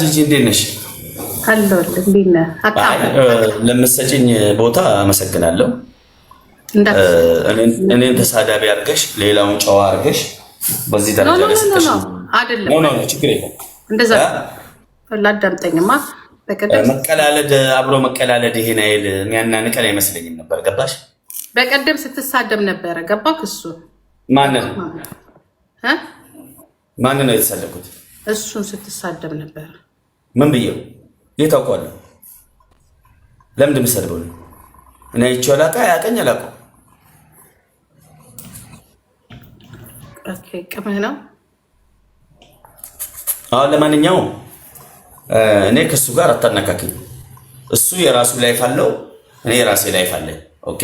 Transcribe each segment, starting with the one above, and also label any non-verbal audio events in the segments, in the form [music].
ጂጂ እንዴት ነሽ? ለምትሰጪኝ ቦታ አመሰግናለሁ። እኔን ተሳዳቢ አድርገሽ ሌላውን ጨዋ አድርገሽ በዚህ ደረጃ መቀላለድ አብሮ መቀላለድ ይሄን አይል የሚያናንቀን አይመስለኝም ነበር። ገባሽ? በቀደም ስትሳደብ ነበረ። ገባ? ማንን ማንን ነው የተሳደብኩት? እሱን ስትሳደብ ነበር። ምን ብዬው ይህ ታውቋለሁ። ለምን እንደምሰድበው እኔ አይቼው አላውቃ ያቀኝ አላውቀው ቅምህ ነው። አሁን ለማንኛውም እኔ ከእሱ ጋር አታነካክኝ። እሱ የራሱ ላይፍ አለው፣ እኔ የራሴ ላይፍ አለ። ኦኬ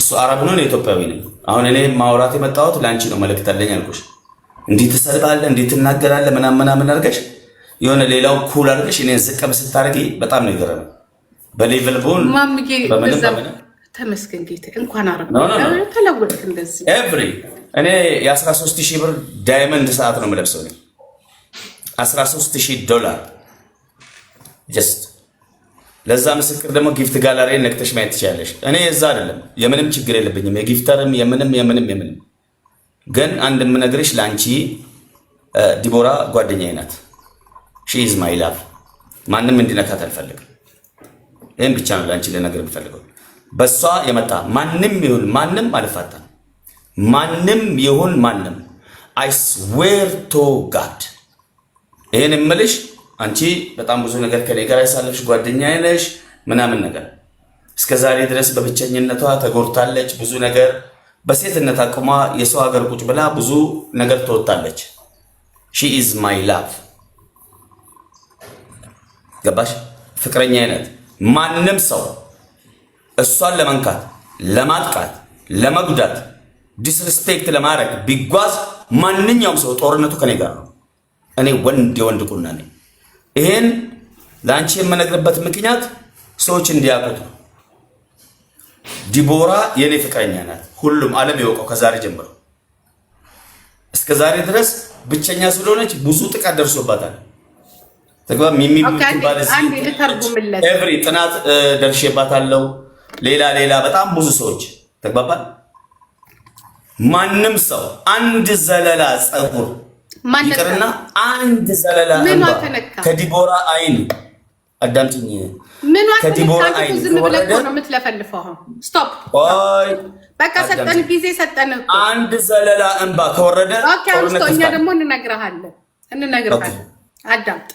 እሱ አረብ ነው፣ እኔ ኢትዮጵያዊ ነኝ። አሁን እኔ ማውራት የመጣሁት ለአንቺ ነው፣ መልእክት አለኝ አልኩሽ። እንዴት ትሰድባለህ፣ እንዴት ትናገራለህ ምናምን ምናምን አድርገሽ የሆነ ሌላው ኩል አድርገሽ እኔን ዝቅም ስታደርጊ በጣም ነው የገረመኝ። በሌቭል ቦን ተመስገን ጌታ እንኳን ተለወጥክ። እንደዚህ ኤቭሪ እኔ የ13 ሺህ ብር ዳይመንድ ሰዓት ነው የምለብሰው 13 ሺህ ዶላር ጀስት ለዛ ምስክር ደግሞ ጊፍት ጋላሪ ነክተሽ ማየት ትችላለሽ። እኔ የዛ አይደለም የምንም ችግር የለብኝም የጊፍተርም የምንም የምንም የምንም ግን አንድ የምነግርሽ ለአንቺ ዲቦራ ጓደኛዬ ናት። ሺዝ ማይ ላቭ ማንም እንዲነካት አልፈልግም። ይህም ብቻ ነው ለአንቺ ልነግር የምፈልገው። በእሷ የመጣ ማንም ይሁን ማንም አልፋታም። ማንም ይሁን ማንም አይስዌር ቶ ጋድ ይህን የምልሽ አንቺ በጣም ብዙ ነገር ከኔ ጋር ያሳለፍሽ ጓደኛዬ ነሽ ምናምን ነገር እስከ ዛሬ ድረስ በብቸኝነቷ ተጎድታለች ብዙ ነገር በሴትነት አቅሟ የሰው ሀገር ቁጭ ብላ ብዙ ነገር ትወጣለች። ሺ ኢዝ ማይ ላቭ ገባሽ? ፍቅረኛ አይነት ማንም ሰው እሷን ለመንካት፣ ለማጥቃት፣ ለመጉዳት፣ ዲስሪስፔክት ለማድረግ ቢጓዝ ማንኛውም ሰው ጦርነቱ ከኔ ጋር ነው። እኔ ወንድ የወንድ ቁና ነኝ። ይህን ለአንቺ የምነግርበት ምክንያት ሰዎች እንዲያውቁት ነው። ዲቦራ የኔ ፍቅረኛ ናት። ሁሉም ዓለም ያውቀው ከዛሬ ጀምሮ እስከ ዛሬ ድረስ ብቸኛ ስለሆነች ብዙ ጥቃት ደርሶባታል። ተግባር ኤቭሪ ጥናት ደርሼባታለሁ። ሌላ ሌላ በጣም ብዙ ሰዎች ተግባባል። ማንም ሰው አንድ ዘለላ ጸጉር ይቅርና አንድ ዘለላ ከዲቦራ አይን አዳምጪኝ ምን ዝም ብለህ እኮ ነው የምትለፈልፈው። ስቶፕ በቃ ሰጠን ጊዜ ሰጠን። አንድ ዘለላ እንባ ከወረደ እኛ ደግሞ እንነግርሃለን እንነግርሃለን። አዳምጥ።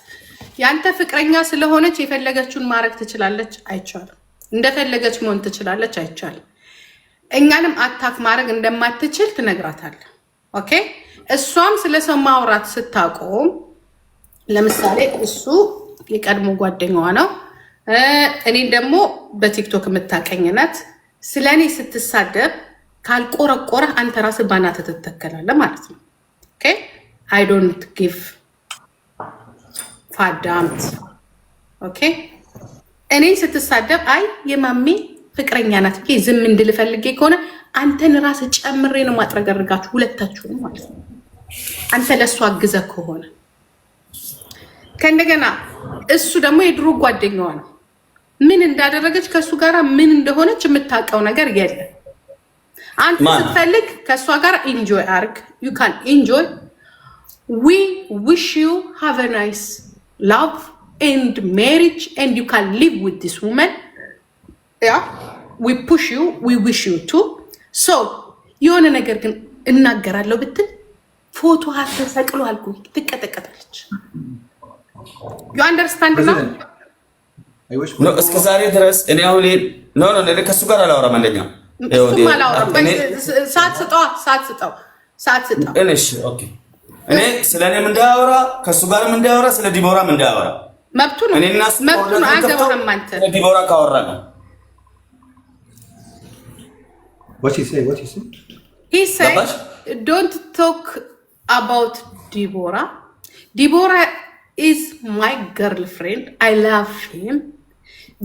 ያንተ ፍቅረኛ ስለሆነች የፈለገችውን ማድረግ ትችላለች፣ አይቻልም። እንደፈለገች መሆን ትችላለች፣ አይቻልም። እኛንም አታክ ማድረግ እንደማትችል ትነግራታለህ። ኦኬ። እሷም ስለ ሰው ማውራት ስታቆም፣ ለምሳሌ እሱ የቀድሞ ጓደኛዋ ነው እኔን ደግሞ በቲክቶክ የምታቀኝ ናት። ስለ እኔ ስትሳደብ ካልቆረቆረ አንተ ራስ ባናትህ ትተከላለህ ማለት ነው። አይ ዶንት ጊቭ ፋዳምት ኦኬ። እኔን ስትሳደብ አይ የማሜ ፍቅረኛ ናት ብዬ ዝም እንድልፈልጌ ፈልጌ ከሆነ አንተን ራስ ጨምሬ ነው ማጥረገርጋችሁ ሁለታችሁም ማለት ነው። አንተ ለእሱ አግዘ ከሆነ ከእንደገና እሱ ደግሞ የድሮ ጓደኛዋ ነው። ምን እንዳደረገች ከእሱ ጋር ምን እንደሆነች የምታውቀው ነገር የለም። አንተ ስትፈልግ ከእሷ ጋር ኢንጆይ አርግ። ዩ ካን ኢንጆይ ዊ ዊሽ ዩ ሃቭ አ ናይስ ላቭ ኤንድ ሜሪጅ ኤንድ ዩ ካን ሊቭ ዊዝ ዲስ ውመን ያ ዊ ፑሽ ዩ ዊ ዊሽ ዩ ቱ ሶ የሆነ ነገር ግን እናገራለሁ ብትል ፎቶ ተሰቅሎ አልኩኝ ትቀጠቀጣለች። ዩ አንደርስታንድ ነው እስከ ዛሬ ድረስ እኔ አሁን ኖ ኖ ከሱ ጋር አላወራም። አንደኛ እኔ ስለ እኔም እንዳያወራ ከእሱ ጋርም እንዳያወራ ስለ ዲቦራም እንዳያወራ መብቱ ነው። እኔና እሱ ስለ ዲቦራ ካወራ ነው ዶንት ቶክ አባውት ዲቦራ ዲቦራ ኢዝ ማይ ገርል ፍሬንድ አይ ላቭ ሂም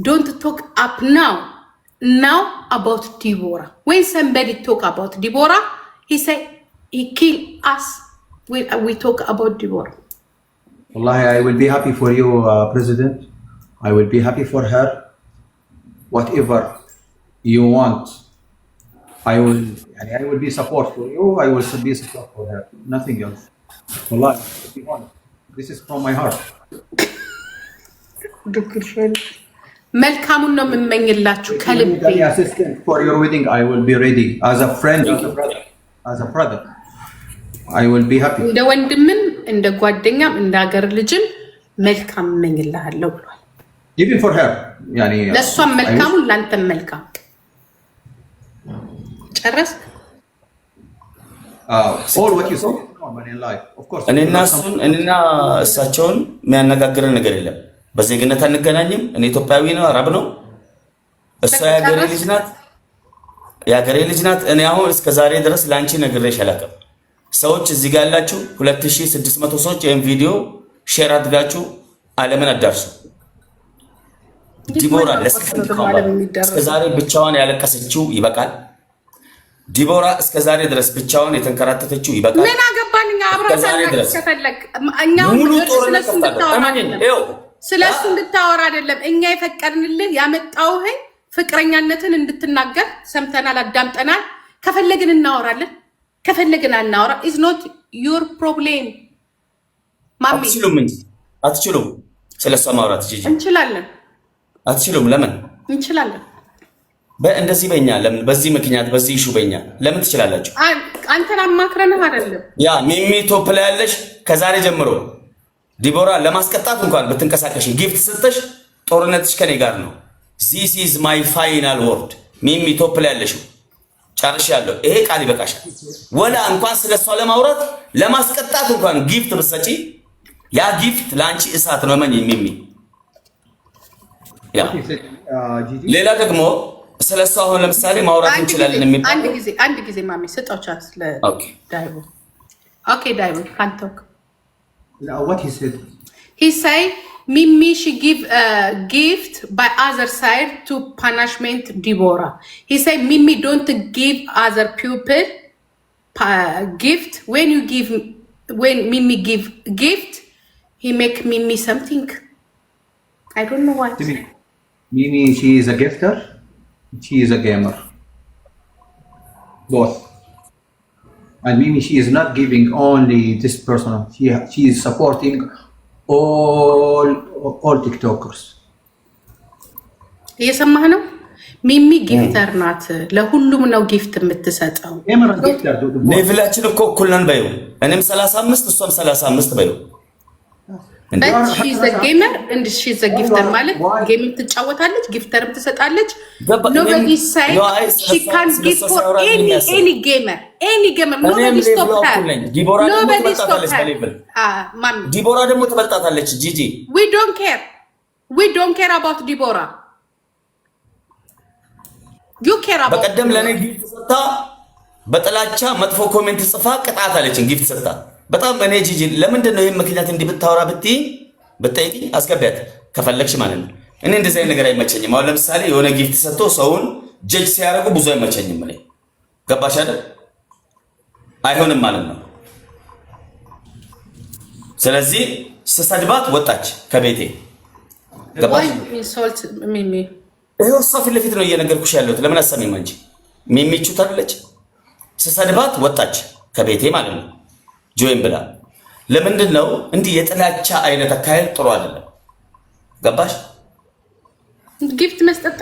don't talk up now, now about Deborah. When somebody talk about Deborah, he say he kill us. We, we talk about Deborah. Wallahi, I will be happy for you, uh, President. I will be happy for her. Whatever you want, I will. I will be support for you. I will be support for her. Nothing else. Wallahi, this is from my heart. መልካሙን ነው የምመኝላችሁ ከልቤ። እንደ ወንድምም እንደ ጓደኛም እንደ ሀገር ልጅም መልካም እመኝልሃለሁ ብሏል። ለእሷም መልካሙን ለአንተም መልካም ጨረስ። uh, እኔና እሱን እኔና እሳቸውን የሚያነጋግረን ነገር የለም። በዜግነት አንገናኝም። እኔ ኢትዮጵያዊ ነው፣ አረብ ነው፣ እሷ የሀገሬ ልጅ ናት፣ የሀገሬ ልጅ ናት። እኔ አሁን እስከ ዛሬ ድረስ ለአንቺ ነግሬሽ አላውቅም። ሰዎች እዚህ ጋር ያላችሁ 2600 ሰዎች ይህን ቪዲዮ ሼር አድጋችሁ አለምን አዳርሱ። ዲቦራ ለሰከንድ ብቻዋን ያለቀሰችው ይበቃል። ዲቦራ እስከዛሬ ድረስ ብቻዋን የተንከራተተችው ይበቃል። ምን አገባን እኛ አብረን ስለ እሱ እንድታወራ አይደለም እኛ የፈቀድንልህ ያመጣውህን ፍቅረኛነትን እንድትናገር ሰምተናል፣ አዳምጠናል። ከፈለግን እናወራለን፣ ከፈለግን አናወራ። ኢዝ ኖት ዩር ፕሮብሌም ማሚ። አትችሉም እንጂ አትችሉም። ስለ እሷ ማውራት እንችላለን፣ አትችሉም። ለምን እንችላለን? እንደዚህ በኛ ለምን በዚህ ምክንያት በዚህ ኢሹ በኛ ለምን ትችላላችሁ? አንተን አማክረንህ አይደለም ያ ሚሚ ቶፕ ላይ ያለሽ ከዛሬ ጀምሮ ዲቦራ ለማስቀጣት እንኳን ብትንቀሳቀሽ ጊፍት ስጥሽ ጦርነትሽ ከኔ ጋር ነው። ዚስ ኢዝ ማይ ፋይናል ወርድ። ሚሚ ቶፕ ላይ ያለሽው ጨርሽ ያለው ይሄ ቃል ይበቃሻል። ወላ እንኳን ስለ እሷ ለማውራት ለማስቀጣት እንኳን ጊፍት ብትሰጪ ያ ጊፍት ለአንቺ እሳት ነው። መኝ ሚሚ ሌላ ደግሞ ስለ እሷ አሁን ለምሳሌ ማውራት እንችላለን የሚባል አንድ ጊዜ አንድ ጊዜ ማሚ ስጠው ቻት ለዳይቦ ኦኬ ዳይቦ ካንቶክ What he said? He say, Mimi, she give a gift by other side to punishment Deborah. He say, Mimi, don't give other pupil gift. When you give, when Mimi give gift, he make Mimi something. I don't know what. Mimi she is a gifter. She is a gamer. Both. And Mimi, she is not giving only this person. She, she is supporting all, all TikTokers. እየሰማህ ነው። ሚሚ ጊፍተር ናት። ለሁሉም ነው ጊፍት የምትሰጠው። ሌቭላችን እኮ እኩል ነን በይው። እኔም 35 እሷም 35 በይው ጌመር እንዲሺዘ ጊፍተር ማለት ትጫወታለች፣ ጊፍተርም ትሰጣለች። ዲቦራ ደግሞ ትበልጣታለች። ah, ጂጂ ኬር አባውት ዲቦራ በቀደም ለእኔ ጊፍት ሰታ በጥላቻ መጥፎ ኮሜንት ጽፋ ቅጣት አለችን ጊፍት ሰታ በጣም እኔ ጂጂ ለምንድን ነው ይህ ምክንያት እንዲህ ብታወራ ብትይ ብጠይቂ አስገቢያት ከፈለግሽ ማለት ነው። እኔ እንደዚህ አይነት ነገር አይመቸኝም። አሁን ለምሳሌ የሆነ ጊፍት ሰጥቶ ሰውን ጀጅ ሲያደርጉ ብዙ አይመቸኝም። ላይ ገባሽ አይደል? አይሆንም ማለት ነው። ስለዚህ ስሰድባት ወጣች ከቤቴ ገባሽ? ይኸው እሷ ፊት ለፊት ነው እየነገርኩሽ ያለሁት። ለምን አሳሚም አንቺ ሚሚቹ ታለች። ስሰድባት ወጣች ከቤቴ ማለት ነው። ጆይን ብላ። ለምንድን ነው እንዲህ የጥላቻ አይነት አካሄድ ጥሩ አይደለም። ገባሽ? ጊፍት መስጠት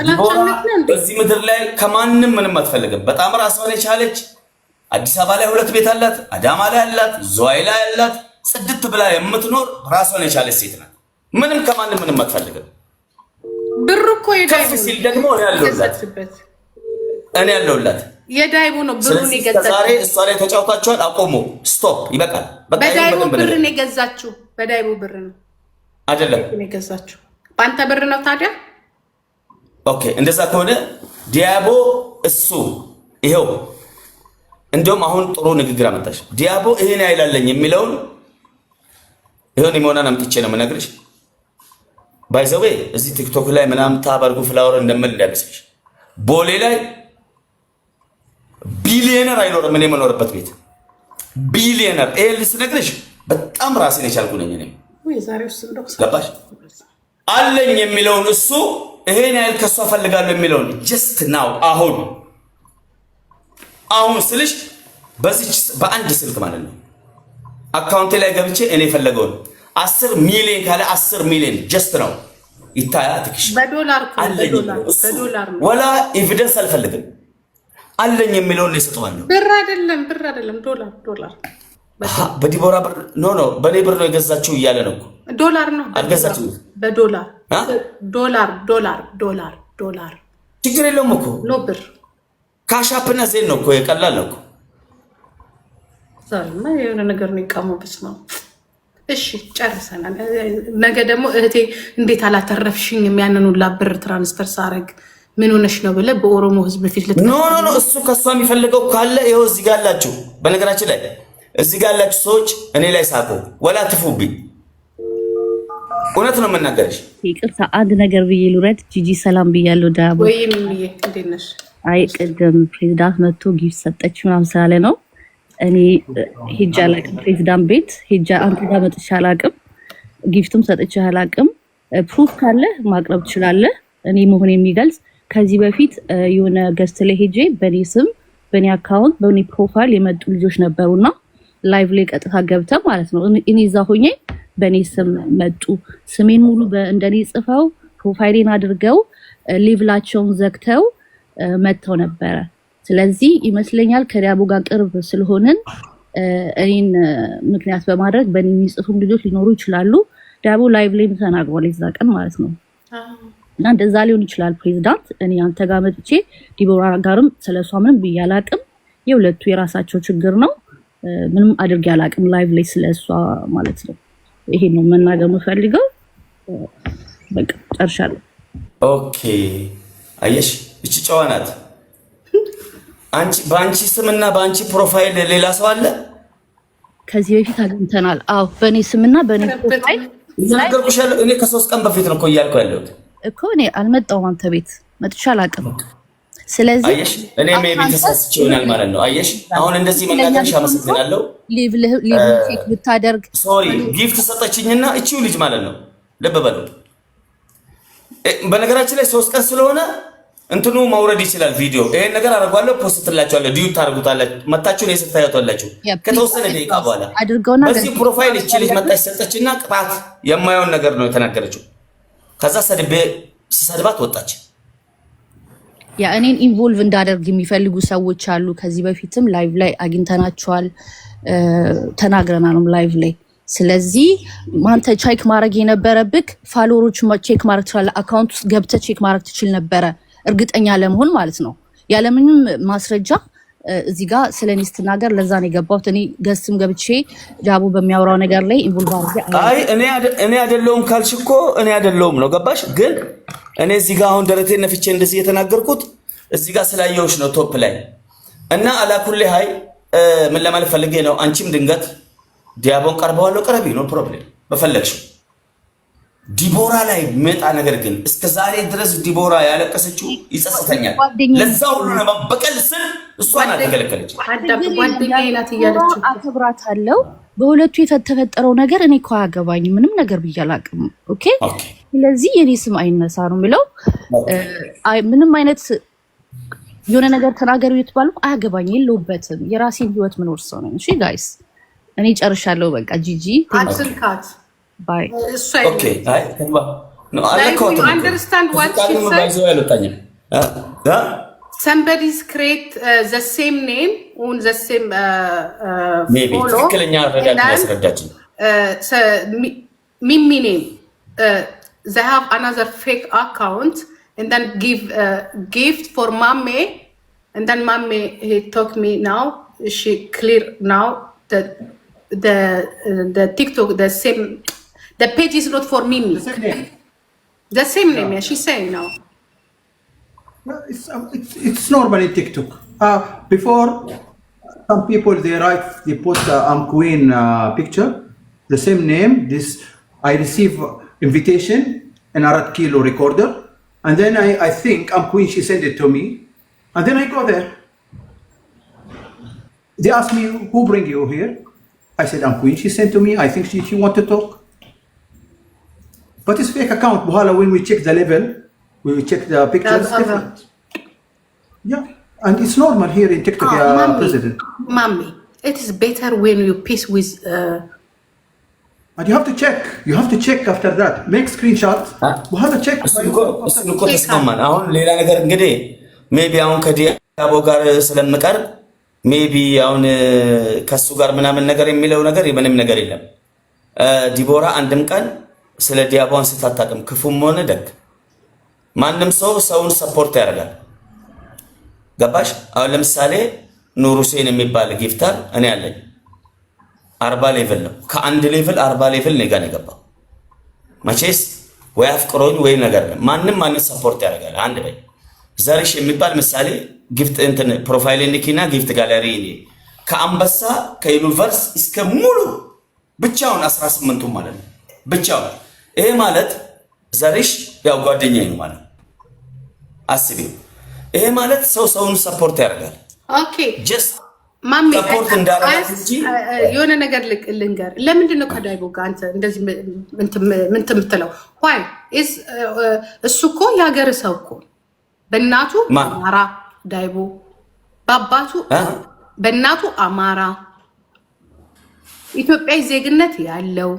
በዚህ ምድር ላይ ከማንም ምንም አትፈልግም። በጣም ራሷን የቻለች አዲስ አበባ ላይ ሁለት ቤት አላት፣ አዳማ ላይ አላት፣ ዝዋይ ላይ አላት። ጽድት ብላ የምትኖር ራሷን የቻለች ሴት ናት። ምንም ከማንም ምንም አትፈልግም። ብሩ እኮ ሲል ደግሞ እኔ ያለሁላት እኔ ያለሁላት የዳይቦ ነው ብሩን የገዛችሁ። ዛሬ እሷ ላይ ተጫውታችኋል። አቆሙ። ስቶፕ፣ ይበቃል። በዳይቦ ብር ነው የገዛችሁ። በዳይቦ ብር ነው አይደለም የገዛችሁ። በአንተ ብር ነው ታዲያ። ኦኬ፣ እንደዛ ከሆነ ዲያቦ እሱ ይሄው። እንደውም አሁን ጥሩ ንግግር አመጣሽ። ዲያቦ ይሄን አይላለኝ የሚለውን ይሄን የመሆናን አምጥቼ ነው የምነግርሽ። ባይዘዌ እዚህ ቲክቶክ ላይ ምናምን ታባርጉ ፍላወር እንደምል እንዳይመስልሽ ቦሌ ላይ ቢሊዮነር አይኖርም። እኔ የምኖርበት ቤት ቢሊየነር ኤል ስነግርሽ በጣም ራሴን የቻልኩ ነኝ። እኔ ገባሽ አለኝ የሚለውን እሱ ይሄን ያህል ከእሷ ፈልጋሉ የሚለውን ጀስት ናው አሁን አሁን ስልሽ በዚች በአንድ ስልክ ማለት ነው አካውንቴ ላይ ገብቼ እኔ የፈለገውን አስር ሚሊዮን ካለ አስር ሚሊዮን ጀስት ነው ይታያ ትክሽ ወላ ኤቪደንስ አልፈልግም። አለኝ የሚለውን ይሰጠዋለሁ። ብር አይደለም ብር አይደለም ዶላር ዶላር። በዲቦራ ብር ኖ ኖ በእኔ ብር ነው የገዛችው እያለ ነው። ዶላር ነው አልገዛችው፣ በዶላር ዶላር ዶላር ዶላር ዶላር። ችግር የለውም እኮ ኖ ብር ካሻፕና ዜን ነው እኮ የቀላል ነው እኮ። ዛሬማ የሆነ ነገር ነው የቃሙበት ነው። እሺ ጨርሰናል። ነገ ደግሞ እህቴ እንዴት አላተረፍሽኝ ያንን ብር ትራንስፈር ሳረግ ምን ሆነሽ ነው ብለህ በኦሮሞ ህዝብ ፊት ልት ኖ ኖ እሱ ከእሷ የሚፈልገው ካለ ይኸው እዚህ ጋር አላችሁ። በነገራችን ላይ እዚህ ጋር አላችሁ ሰዎች እኔ ላይ ሳቁ፣ ወላ ትፉብኝ። እውነት ነው የምናገርሽ። ይቅርታ አንድ ነገር ብዬ ልውረድ። ጂጂ ሰላም ብያለሁ። ዳቦ ወይም እንዴት ነሽ? አይ ቅድም ፕሬዚዳንት መጥቶ ጊፍት ሰጠች ምናምን ስላለ ነው እኔ ሄጃ አላቅም። ፕሬዚዳንት ቤት ሄጃ አንተ ጋር መጥቼ አላቅም። ጊፍትም ሰጥቼ አላቅም። ፕሩፍ ካለ ማቅረብ ትችላለህ። እኔ መሆን የሚገልጽ ከዚህ በፊት የሆነ ገስት ላይ ሄጄ በእኔ ስም በእኔ አካውንት በእኔ ፕሮፋይል የመጡ ልጆች ነበሩና ላይቭ ላይ ቀጥታ ገብተ ማለት ነው። እኔ እዛ ሆኜ በእኔ ስም መጡ። ስሜን ሙሉ እንደኔ ጽፈው ፕሮፋይሌን አድርገው ሌቭላቸውን ዘግተው መጥተው ነበረ። ስለዚህ ይመስለኛል ከዳቦ ጋር ቅርብ ስለሆንን እኔን ምክንያት በማድረግ በእኔ የሚጽፉም ልጆች ሊኖሩ ይችላሉ። ዳቦ ላይቭ ላይም ተናግሯል የዛ ቀን ማለት ነው። እና እንደዛ ሊሆን ይችላል። ፕሬዚዳንት እኔ አንተ ጋር መጥቼ ዲቦራ ጋርም ስለሷ ምንም ብዬ አላቅም። የሁለቱ የራሳቸው ችግር ነው። ምንም አድርጌ አላቅም ላይቭ ላይ ስለሷ ማለት ነው። ይሄ ነው መናገር የምፈልገው። በቃ ጨርሻለሁ። ኦኬ አየሽ፣ እቺ ጨዋ ናት። በአንቺ ስምና በአንቺ ፕሮፋይል ሌላ ሰው አለ። ከዚህ በፊት አግኝተናል። አዎ፣ በእኔ ስምና በእኔ ፕሮፋይል እኔ ከሶስት ቀን በፊት ነው እኮ እያልኩ ያለሁት እኮ እኔ አልመጣሁም አንተ ቤት መጥቼ አላውቅም። ስለዚህ እኔ ሜቢ ተሳስቼ ይሆናል ማለት ነው። አየሽ አሁን እንደዚህ መናገርሽ አመሰግናለሁ። ሊቭ ቼክ ብታደርግ ሶሪ ጊፍት ሰጠችኝና እቺው ልጅ ማለት ነው። ልብ በሉ። በነገራችን ላይ ሶስት ቀን ስለሆነ እንትኑ መውረድ ይችላል ቪዲዮ። ይሄን ነገር አደርጓለሁ፣ ፖስት እላቸዋለሁ፣ ዲዩት ታደርጉታላችሁ። መታችሁ ነው ስታዩታላችሁ። ከተወሰነ ደቂቃ በኋላ አድርገውና በዚህ ፕሮፋይል እቺ ልጅ መጣች ሰጠችና ቅጣት የማየውን ነገር ነው የተናገረችው። ከዛ ሰድቤ ስሰድባት ወጣች። ያ እኔን ኢንቮልቭ እንዳደርግ የሚፈልጉ ሰዎች አሉ። ከዚህ በፊትም ላይቭ ላይ አግኝተናቸዋል፣ ተናግረናልም ላይቭ ላይ። ስለዚህ ማንተ ቼክ ማድረግ የነበረብክ ፋሎሮች ቼክ ማድረግ ትችላለህ። አካውንት ውስጥ ገብተህ ቼክ ማድረግ ትችል ነበረ፣ እርግጠኛ ለመሆን ማለት ነው። ያለምንም ማስረጃ እዚህ ጋር ስለ እኔ ስትናገር ለዛ ነው የገባሁት። እኔ ገስም ገብቼ ጃቡ በሚያወራው ነገር ላይ ኢንቮልቭ አይ እኔ አይደለሁም ካልሽ እኮ እኔ አይደለሁም ነው ገባሽ። ግን እኔ እዚህ ጋር አሁን ደረቴ ነፍቼ እንደዚህ የተናገርኩት እዚህ ጋር ስላየሁሽ ነው ቶፕ ላይ እና አላኩሌ ሀይ ምን ለማለት ፈልጌ ነው። አንቺም ድንገት ዲያቦን ቀርበዋለሁ፣ ቀረቢ ነው ፕሮብሌም በፈለግሽው ዲቦራ ላይ መጣ። ነገር ግን እስከ ዛሬ ድረስ ዲቦራ ያለቀሰችው ይጸጽተኛል። ለዛ ሁሉ ለመበቀል ስል እሷን አክብራት አለው በሁለቱ የተፈጠረው ነገር እኔ እኮ አያገባኝ ምንም ነገር ብዬ አላቅም ኦኬ፣ ስለዚህ የኔ ስም አይነሳ ነው የሚለው። ምንም አይነት የሆነ ነገር ተናገሩ የተባሉ አያገባኝ፣ የለውበትም። የራሴን ህይወት ምኖር ሰው ነው። እሺ ጋይስ፣ እኔ ጨርሻለሁ። በቃ ጂጂ ባይ ኦኬ። create uh, the same name on the same. ሰድ ሰምበዲ ክሬት ዘ ሴም ኔም ኦን ዘ ሴም ሜቢ ትክክለኛ ረዳት ያስረዳችን name. ኔም uh, they have another fake account and then give uh, gift for mommy and then mommy he took me now she clear now that the uh, the tiktok the same the page is not for Mimi. The same name. The same name, yeah. yeah she's saying now. Well, um, it's, it's, it's normal in TikTok. Uh, before, some people, they write, they post a uh, um, queen uh, picture, the same name. This I receive invitation, I Arad Kilo recorder. And then I, I think I'm queen, she sent it to me. And then I go there. They ask me, who bring you here? I said, I'm queen. She sent to me, I think she, she want to talk. What is fake account? በኋላ when we check the level, we check the pictures different. Yeah, and it's normal here in TikTok. Oh, uh, president. Mommy, it is better when you peace with. Uh... And you have to check. You have to check after that. Make screenshot. በኋላ check. እሱ እኮ ተስማማን። አሁን ሌላ ነገር እንግዲህ ሜቢ አሁን ከዲያቦ ጋር ስለምቀርብ ሜቢ አሁን ከእሱ ጋር ምናምን ነገር የሚለው ነገር ምንም ነገር የለም። ዲቦራ አንድም ቀን ስለ ዲያቧን ስታታቅም ክፉም ሆነ ደግ ማንም ሰው ሰውን ሰፖርት ያደርጋል። ገባሽ? አሁን ለምሳሌ ኑር ሁሴን የሚባል ጊፍታር እኔ ያለኝ አርባ ሌቭል ነው። ከአንድ ሌቭል አርባ ሌቭል እኔ ጋር ነው የገባው። መቼስ ወይ አፍቅሮኝ ወይ ነገር ነው። ማንም ማንም ሰፖርት ያደርጋል። አንድ በይ ዘርሽ የሚባል ምሳሌ ጊፍት እንትን ፕሮፋይል ኒኪና ጊፍት ጋለሪ ከአንበሳ ከዩኒቨርስ እስከ ሙሉ ብቻውን 18ቱ ማለት ነው ብቻውን ይሄ ማለት ዘሪሽ ያው ጓደኛ ነው ማለት አስቢ። ይሄ ማለት ሰው ሰውን ሰፖርት ያደርጋል። ኦኬ ጀስት ማሚ የሆነ ነገር ልንገር። ለምንድን ነው ከዳይቦ ጋር አንተ እንደዚህ እንትን የምትለው? ዋይ uh, እሱ እኮ የሀገር ሰው እኮ በእናቱ አማራ ዳይቦ፣ በአባቱ በእናቱ አማራ ኢትዮጵያዊ ዜግነት ያለው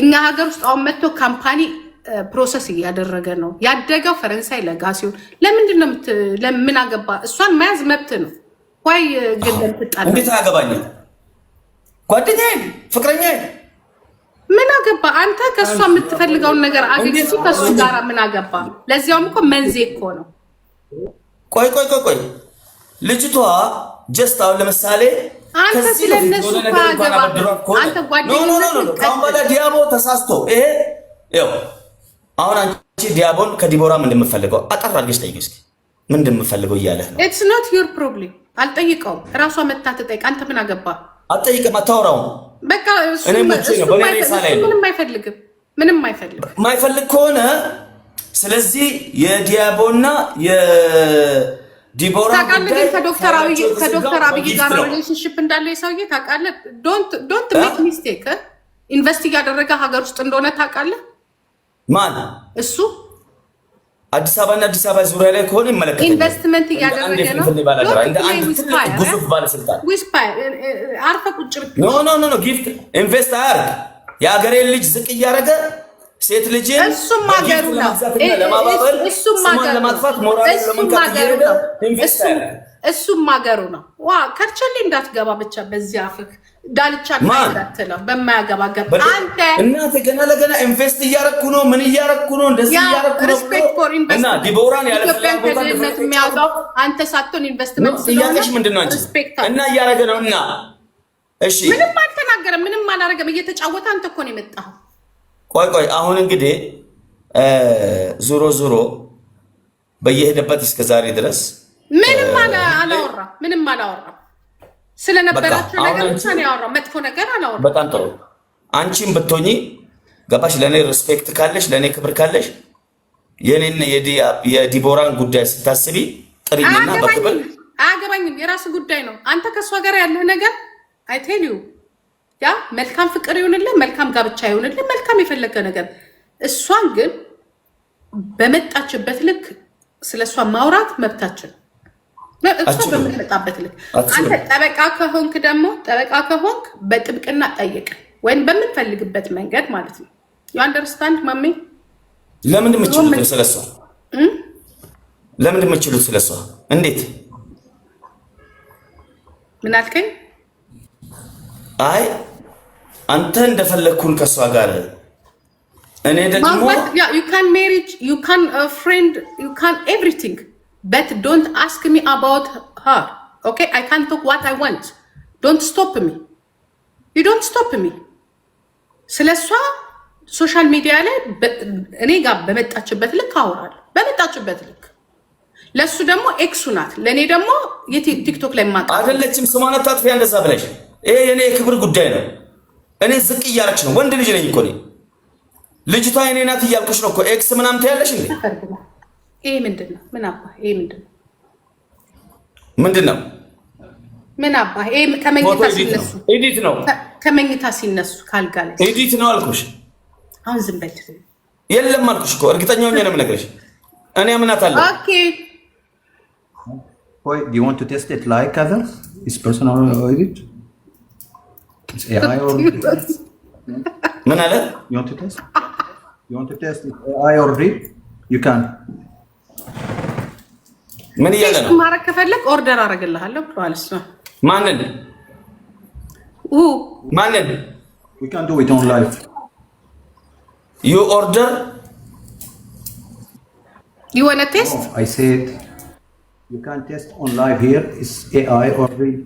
እኛ ሀገር ውስጥ አሁን መጥቶ ካምፓኒ ፕሮሰስ እያደረገ ነው ያደገው። ፈረንሳይ ለጋ ሲሆን ለምንድን ነው ምን አገባ? እሷን መያዝ መብት ነው ወይ? ግን እንዴት አገባኝ? ፍቅረኛ ምን አገባ? አንተ ከእሷ የምትፈልገውን ነገር አግኝቱ ከእሱ ጋር ምን አገባ? ለዚያውም እኮ መንዜ እኮ ነው። ቆይ ቆይ ቆይ ቆይ ልጅቷ ጀስት አሁን ለምሳሌ አንተ ስለነሱ ዲያቦ ተሳስቶ ይሄ ው አሁን አንቺ ዲያቦን ከዲቦራ ምንድን የምፈልገው አጠር አድርገሽ ጠይቂው እስኪ ምንድን እያለህ ነው። ኢትስ ኖት ዮር ፕሮብሌም። አልጠይቀውም። እራሷ መታ ትጠይቅ። አንተ ምን አገባ? አልጠይቅም። አታወራውም። በቃ ምንም አይፈልግም። ምንም ማይፈልግ ከሆነ ስለዚህ የዲያቦና ዲቦራ ታውቃለህ፣ ከዶክተር አብይ ከዶክተር አብይ ጋር ሪሌሽንሽፕ እንዳለው የሰውዬ ታውቃለህ። ዶንት ዶንት ሜክ ሚስቴክ። ኢንቨስት እያደረገ ሀገር ውስጥ እንደሆነ ታውቃለህ። ማን እሱ? አዲስ አበባ እና አዲስ አበባ ዙሪያ ላይ ከሆነ ይመለከታል። ኢንቨስትመንት እያደረገ ነው። ኢንቨስት አያርግ የሀገሬን ልጅ ዝቅ እያደረገ ሴት ልጅ እሱም ሀገሩ ነው። እሱም ሀገሩ ነው። ዋ ከርቸሌ እንዳትገባ ብቻ በዚህ አፍክ ዳልቻ ትለው በማያገባ ገባ። አንተ እናቴ ገና ለገና ኢንቨስት እያረኩ ነው፣ ምን እያረኩ ነው፣ እንደዚህ እያረኩ ነው። ሪስፔክት ፎር ኢንቨስትመንት የሚያውቀው አንተ ሳትሆን ኢንቨስትመንት ስለሆነ ምንድን ነው እና እያረገ ነው እና እሺ፣ ምንም አልተናገረም፣ ምንም አላረገም። እየተጫወተ አንተ እኮ ነው የመጣኸው ቆይ ቆይ አሁን እንግዲህ ዞሮ ዞሮ በየሄደበት እስከ ዛሬ ድረስ ምንም አላወራም፣ ምንም አላወራ ስለነበራቸው ነገር ብቻ ነው ያወራው፣ መጥፎ ነገር አላወራ። በጣም ጥሩ። አንቺም ብትሆኚ ገባሽ፣ ለእኔ ሪስፔክት ካለሽ፣ ለእኔ ክብር ካለሽ የኔን የዲቦራን ጉዳይ ስታስቢ ጥሪኝና በክብር አያገባኝም፣ የራስ ጉዳይ ነው። አንተ ከእሷ ጋር ያለህ ነገር አይቴልዩ ያ መልካም ፍቅር ይሁንልን፣ መልካም ጋብቻ ይሁንልን፣ መልካም የፈለገ ነገር። እሷን ግን በመጣችበት ልክ ስለ እሷ ማውራት መብታችን፣ እሷ በምትመጣበት ልክ። አንተ ጠበቃ ከሆንክ ደግሞ ጠበቃ ከሆንክ በጥብቅና ጠይቅ፣ ወይም በምንፈልግበት መንገድ ማለት ነው። አንደርስታንድ ማሜ። ለምን የምችሉት ስለሷ ለምን የምችሉት ስለሷ እንዴት ምን አልከኝ? አይ አንተ እንደፈለግኩን ከእሷ ጋር እኔ ደግሞ ኤቭሪቲንግ በት ዶንት አስክ ሚ አባውት ሀር ኦኬ አይ ካን ቶክ ዋት አይ ዋንት ዶንት ስቶፕ ሚ ዩ ዶንት ስቶፕ ሚ ስለ እሷ ሶሻል ሚዲያ ላይ እኔ ጋር በመጣችበት ልክ አወራለሁ። በመጣችበት ልክ ለእሱ ደግሞ ኤክሱ ናት፣ ለእኔ ደግሞ ቲክቶክ ላይ ማጣ አይደለችም። ስሟን አታጥፊ እንደዛ ብለሽ ይሄ የእኔ የክብር ጉዳይ ነው። እኔ ዝቅ እያለች ነው። ወንድ ልጅ ነኝ እኮ እኔ። ልጅቷ የኔ ናት እያልኩሽ ነው እኮ። ኤክስ ምናምን ትያለሽ እንዴ? ይሄ ምንድን ነው? ምን ይሄ ምንድን ነው? ምንድን ነው? ምን ይሄ ከመኝታ ሲነሱ ኤዲት ነው። ከመኝታ ሲነሱ ካልጋ ላይ ኤዲት ነው አልኩሽ። አሁን ዝም በል። የለም አልኩሽ እኮ እርግጠኛ ሆኜ ነው የምነግርሽ። እኔ እምነት አለ። ኦኬ ሆይ ዱ ዩ ዋንት ቱ ቴስት ኢት ላይክ አዘርስ ኢትስ ፐርሰናል ኤዲት [laughs] I already test. ምን አለ? You want to test? You want to test AI or real? You can. ምን እያለ ነው? ማረግ ከፈለግ ኦርደር አረግልሃለሁ ብለዋል። እሱ ማንን? ማንን? We can do it on live. You order? You want to test? Oh, I said you can test on live here. It's AI real.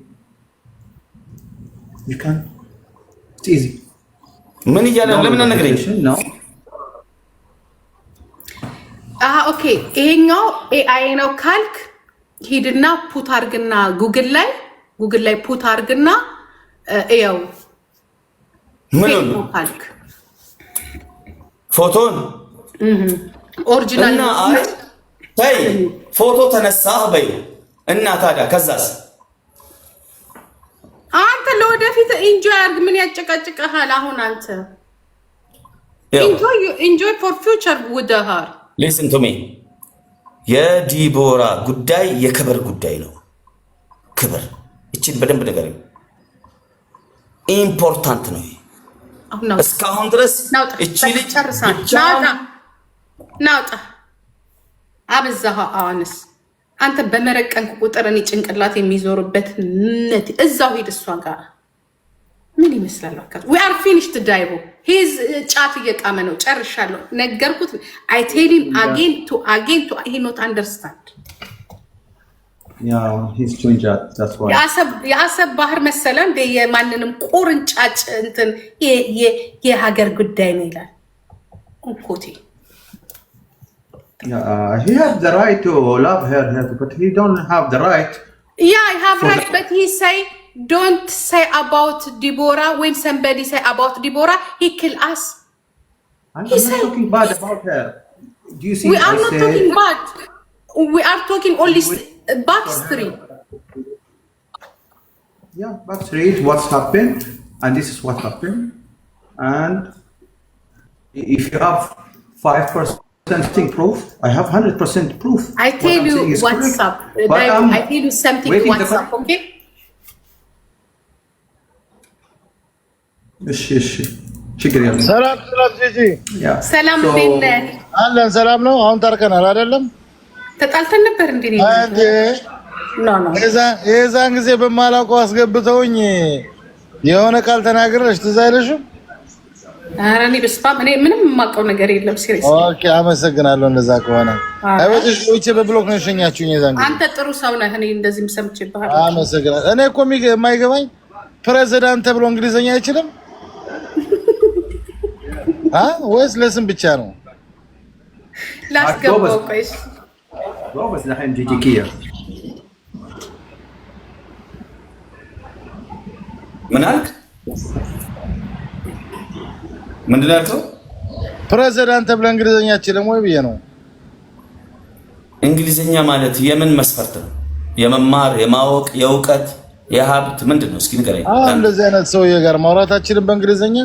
You can. ምን እያለ ለምን ነገረኝ? ኦኬ ይሄኛው ኤአይ ነው ካልክ ሂድና ፑት አርግና ጉግል ላይ ጉግል ላይ ፑት አርግና ያው ካልክ ፎቶን ኦሪጂናል ፎቶ ተነሳህ በይ እና ታዲያ ከዛስ አንተ ለወደፊት ኢንጆይ አድርግ። ምን ያጨቃጭቀሃል አሁን? አንተ ኢንጆይ ፎር ፊውቸር ውደሃር ሊስን ቱ ሚ የዲቦራ ጉዳይ የክብር ጉዳይ ነው። ክብር እችን በደንብ ነገር ኢምፖርታንት ነው። እስካሁን ድረስ እቺ ልጅ ናውጣ አብዛሃ አንስ አንተ በመረቀንክ ቁጥር እኔ ጭንቅላት የሚዞርበት ነት እዛው ሂድ እሷ ጋር ምን ይመስላል? አካ ዊ አር ፊኒሽድ ዳይቦ ሂዝ ጫት እየቃመ ነው። ጨርሻለሁ፣ ነገርኩት። አይ ቴል ሂም አጌን ቱ አጌን ቱ ሂ ኖት አንደርስታንድ። የአሰብ ባህር መሰለ እንደ የማንንም ቁርንጫጭ እንትን የሀገር ጉዳይ ነው ይላል እንኮቴ Yeah, uh, he has the right to love her, uh, but he don't have the right. Yeah, I have right, but he say don't say about Deborah when somebody say about Deborah, he kill us. I'm he not say, talking bad about her. Do you see? We are I not talking bad. We are talking only with, back street. Yeah, back street. What's happened, and this is what happened, and if you have five percent something proof. I have 100% proof. I tell you what's up. I, I tell you something what's up, okay? እሺ እሺ፣ ችግር ያለው ሰላም ሰላም፣ ጂጂ ሰላም፣ እንዴት ነህ? አለን ሰላም ነው። አሁን ታርቀናል አይደለም? ተጣልተን ነበር እንዴ? አንዴ የዛን ጊዜ በማላውቀው አስገብተውኝ የሆነ ቃል ተናግረሽ ትዝ አይልሽም? ኧረ እኔ ነገር የለም። ሲሪየስ አመሰግናለሁ። እንደዛ ከሆነ አይወጥሽ ወይቼ በብሎክ ነው የሸኛችሁኝ። የዛን አንተ ጥሩ ሰው ነህ። እኔ እንደዚህም ሰምቼብሃለሁ። አመሰግናለሁ። እኔ እኮ የማይገባኝ ፕሬዚዳንት ተብሎ እንግሊዘኛ አይችልም [laughs] ወይስ ለስም ብቻ ነው ላስገባው? ቆይ ምን አልክ? ምንድን ያልከው? ፕሬዚዳንት ብለህ እንግሊዝኛ አችልም ወይ ብዬ ነው። እንግሊዝኛ ማለት የምን መስፈርት ነው? የመማር የማወቅ የእውቀት የሀብት ምንድን ነው? እስኪ ንገረኝ። እንደዚህ አይነት ሰውዬ ጋር ማውራታችንም በእንግሊዝኛ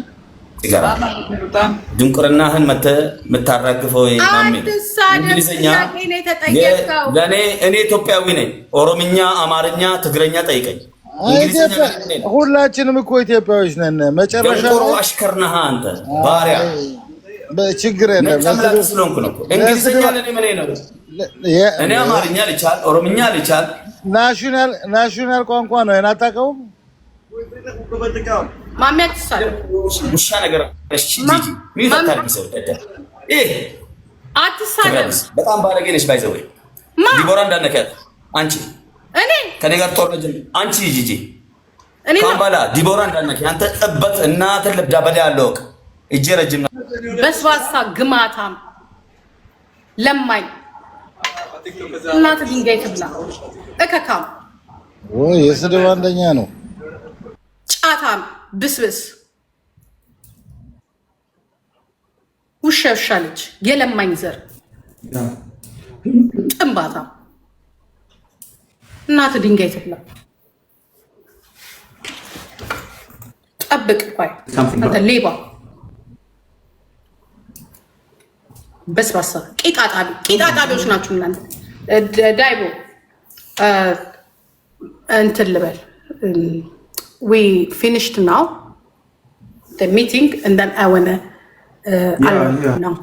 ድንቁርናህን መተ የምታራግፈው እንግሊዝኛ እኔ ኢትዮጵያዊ ነኝ። ኦሮምኛ፣ አማርኛ፣ ትግረኛ ጠይቀኝ። ሁላችንም እኮ ኢትዮጵያዎች ነን። መጨረሻ ጥሩ ነህ አንተ ባሪያ። ችግር የለም ስለሆንኩ ነው። እንግሊዝኛ ለእኔ ምን ነው? እኔ አማርኛ ልቻል፣ ኦሮምኛ ልቻል፣ ናሽናል ናሽናል ቋንቋ ነው። አታውቀውም? ውሻ ነገር በጣም ባለጌ ነች። ባይዘወይ ዲቦራ እንዳነካያት አንቺ እኔ ከኔ ጋር ጦርነት አንቺ ጂጂ ካምባላ ዲቦራ እንዳናኪ አንተ ጠበት እናትን ልብዳ በላ ያለው እጄ ረጅም ነው። በስዋሳ ግማታም ለማኝ እናት ድንጋይ ትብላ እከካም ወይ የስድብ አንደኛ ነው። ጫታም ብስብስ ውሻ ውሻለች የለማኝ ዘር ጥንባታም እናት ድንጋይ ትብላ። ጠብቅ ሌባ በስባሳ ቂጣጣቢ ቂጣጣቢዎች ናችሁ እናንተ። ዳይቦ እንትን ልበል ዊ ፊኒሽድ ናው ሚቲንግ እንደን አወነ ነው